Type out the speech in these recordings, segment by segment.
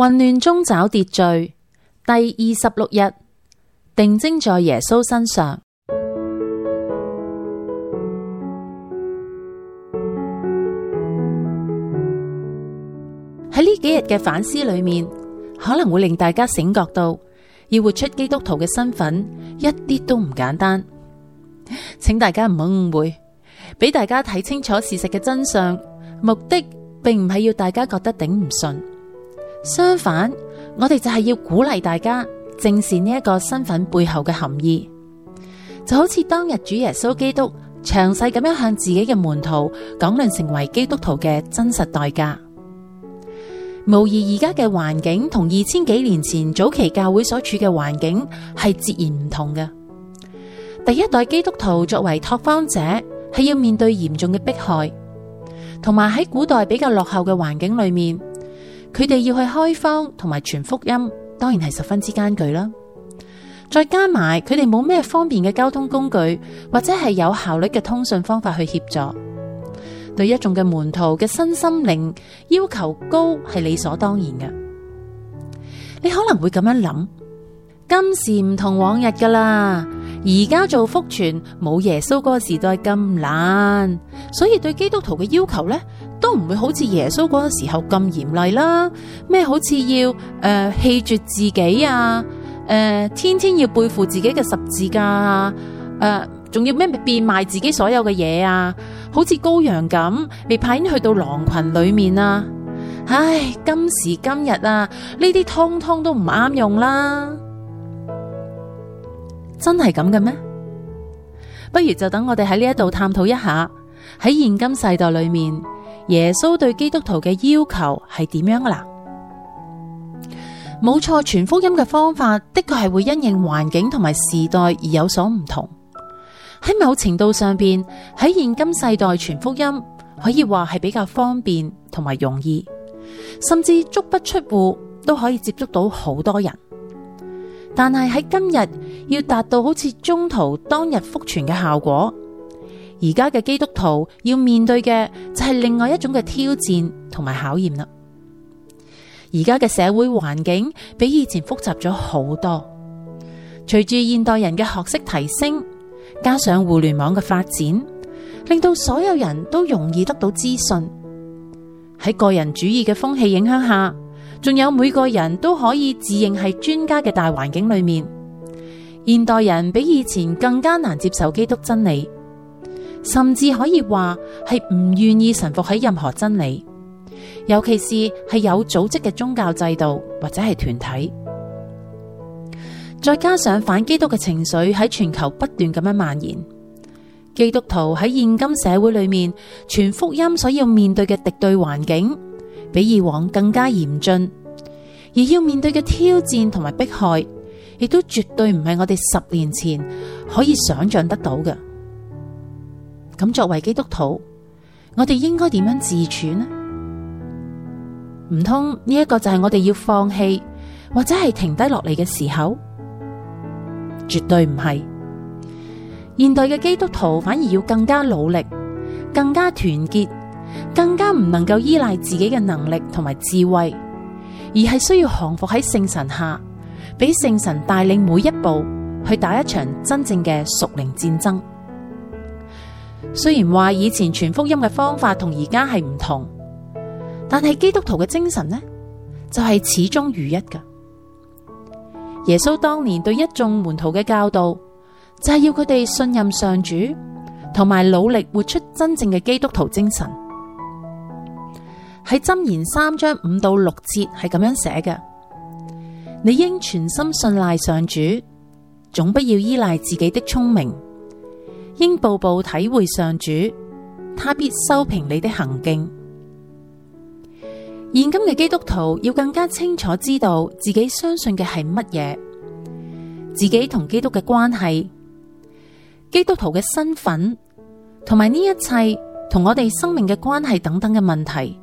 混亂中找秩序，第二十六日，定睛在耶穌身上。喺呢幾日嘅反思裏面，可能會令大家醒覺到，要活出基督徒嘅身份一啲都唔簡單。請大家唔好誤會，俾大家睇清楚事實嘅真相，目的並唔係要大家覺得頂唔順。相反，我哋就係要鼓勵大家正視呢一個身份背後嘅含義，就好似當日主耶穌基督詳細咁樣向自己嘅門徒講論成為基督徒嘅真實代價。無疑，而家嘅環境同二千幾年前早期教會所處嘅環境係截然唔同嘅。第一代基督徒作為拓荒者，係要面對嚴重嘅迫害，同埋喺古代比較落後嘅環境裏面。佢哋要去開荒同埋傳福音，當然係十分之艱巨啦。再加埋佢哋冇咩方便嘅交通工具，或者係有效率嘅通訊方法去協助，對一眾嘅門徒嘅身心靈要求高，係理所當然嘅。你可能會咁樣諗，今時唔同往日噶啦，而家做福傳冇耶穌嗰個時代咁難，所以對基督徒嘅要求咧。都唔會好似耶穌嗰個時候咁嚴厲啦，咩好似要誒、呃、棄絕自己啊，誒、呃、天天要背負自己嘅十字架啊，誒、呃、仲要咩變賣自己所有嘅嘢啊，好似羔羊咁，被派去到狼群裏面啊，唉，今時今日啊，呢啲通通都唔啱用啦，真係咁嘅咩？不如就等我哋喺呢一度探討一下，喺現今世代裏面。耶穌對基督徒嘅要求係點樣噶啦？冇錯，傳福音嘅方法的確係會因應環境同埋時代而有所唔同。喺某程度上面，喺現今世代傳福音可以話係比較方便同埋容易，甚至足不出戶都可以接觸到好多人。但係喺今日要達到好似宗徒當日福傳嘅效果，而家嘅基督徒要面對嘅就係另外一種嘅挑戰同埋考驗啦。而家嘅社會環境比以前複雜咗好多，隨住現代人嘅學識提升，加上互聯網嘅發展，令到所有人都容易得到資訊。喺個人主義嘅風氣影響下，仲有每個人都可以自認係專家嘅大環境裏面，現代人比以前更加難接受基督真理。甚至可以話係唔願意臣服喺任何真理，尤其是係有組織嘅宗教制度或者係團體。再加上反基督嘅情緒喺全球不斷咁樣蔓延，基督徒喺現今社會裏面傳福音所要面對嘅敵對環境，比以往更加嚴峻，而要面對嘅挑戰同埋迫害，亦都絕對唔係我哋十年前可以想象得到嘅。咁作為基督徒，我哋應該點樣自處呢？唔通呢一個就係我哋要放棄或者係停低落嚟嘅時候？絕對唔係。現代嘅基督徒反而要更加努力、更加團結、更加唔能夠依賴自己嘅能力同埋智慧，而係需要降服喺聖神下，俾聖神帶領每一步去打一場真正嘅屬靈戰爭。雖然話以前傳福音嘅方法同而家係唔同，但係基督徒嘅精神呢，就係、是、始終如一噶。耶穌當年對一眾門徒嘅教導，就係、是、要佢哋信任上主，同埋努力活出真正嘅基督徒精神。喺箴言三章五到六節係咁樣寫嘅：你應全心信賴上主，總不要依賴自己的聰明。應步步體會上主，他必修平你的行徑。現今嘅基督徒要更加清楚知道自己相信嘅係乜嘢，自己同基督嘅關係，基督徒嘅身份，同埋呢一切同我哋生命嘅關係等等嘅問題，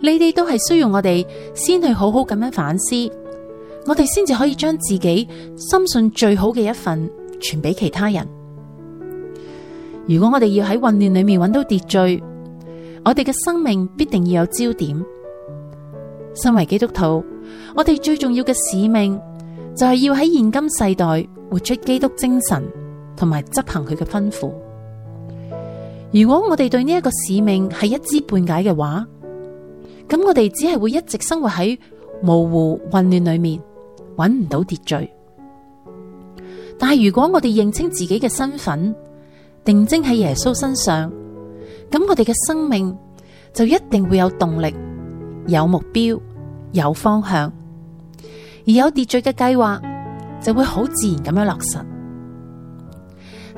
你哋都係需要我哋先去好好咁樣反思，我哋先至可以將自己深信最好嘅一份傳俾其他人。如果我哋要喺混亂裏面搵到秩序，我哋嘅生命必定要有焦點。身為基督徒，我哋最重要嘅使命就係要喺現今世代活出基督精神，同埋執行佢嘅吩咐。如果我哋對呢一個使命係一知半解嘅話，咁我哋只係會一直生活喺模糊混亂裏面，搵唔到秩序。但係如果我哋認清自己嘅身份，定睛喺耶穌身上，咁我哋嘅生命就一定會有動力、有目標、有方向，而有秩序嘅計劃就會好自然咁樣落實。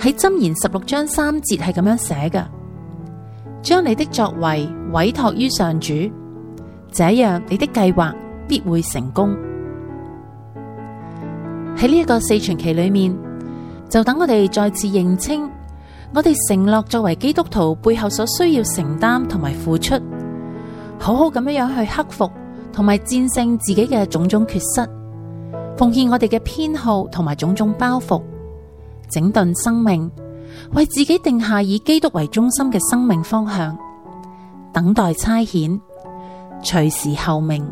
喺箴言十六章三節係咁樣寫嘅：將你的作為委託於上主，這樣你的計劃必會成功。喺呢一個四旬期裏面，就等我哋再次認清。我哋承諾作為基督徒背後所需要承擔同埋付出，好好咁樣去克服同埋戰勝自己嘅種種缺失，奉獻我哋嘅偏好同埋種種包袱，整頓生命，為自己定下以基督為中心嘅生命方向，等待差遣，隨時候命。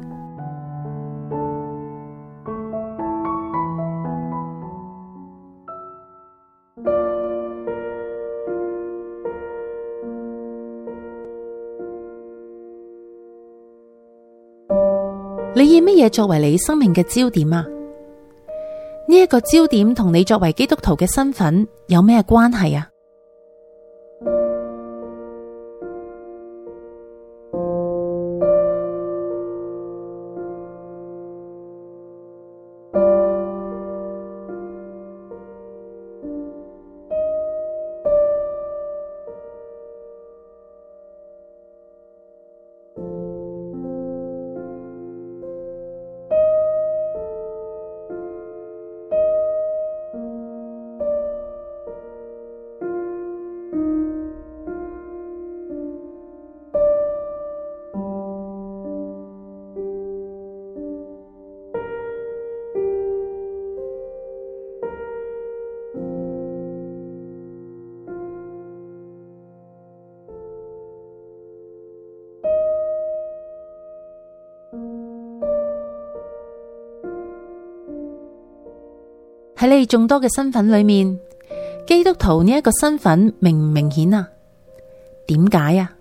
嘢作為你生命嘅焦點啊，呢一個焦點同你作為基督徒嘅身份有咩關係啊？喺你眾多嘅身份裏面，基督徒呢一個身份明唔明顯啊？點解啊？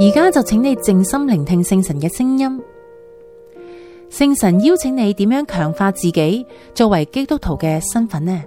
而家就請你靜心聆聽聖神嘅聲音，聖神邀請你點樣強化自己作為基督徒嘅身份呢？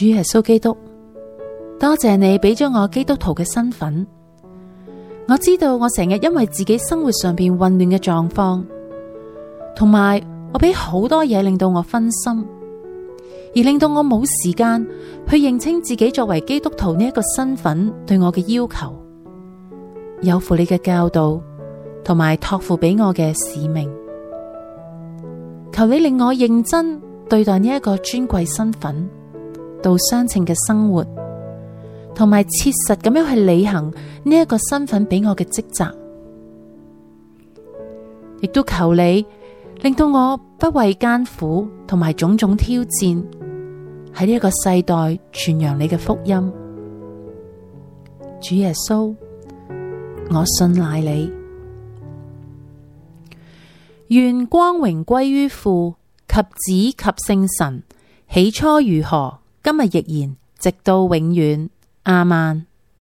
主耶穌基督，多謝你俾咗我基督徒嘅身份。我知道我成日因為自己生活上邊混亂嘅狀況，同埋我俾好多嘢令到我分心，而令到我冇時間去認清自己作為基督徒呢一個身份對我嘅要求。有負你嘅教導同埋託付俾我嘅使命，求你令我認真對待呢一個尊貴身份。度相稱嘅生活，同埋切實咁樣去履行呢一個身份俾我嘅職責，亦都求你令到我不畏艱苦同埋種種挑戰，喺呢一個世代傳揚你嘅福音。主耶穌，我信賴你，願光榮歸於父及子及聖神，起初如何。今日亦然，直到永遠，亞孟。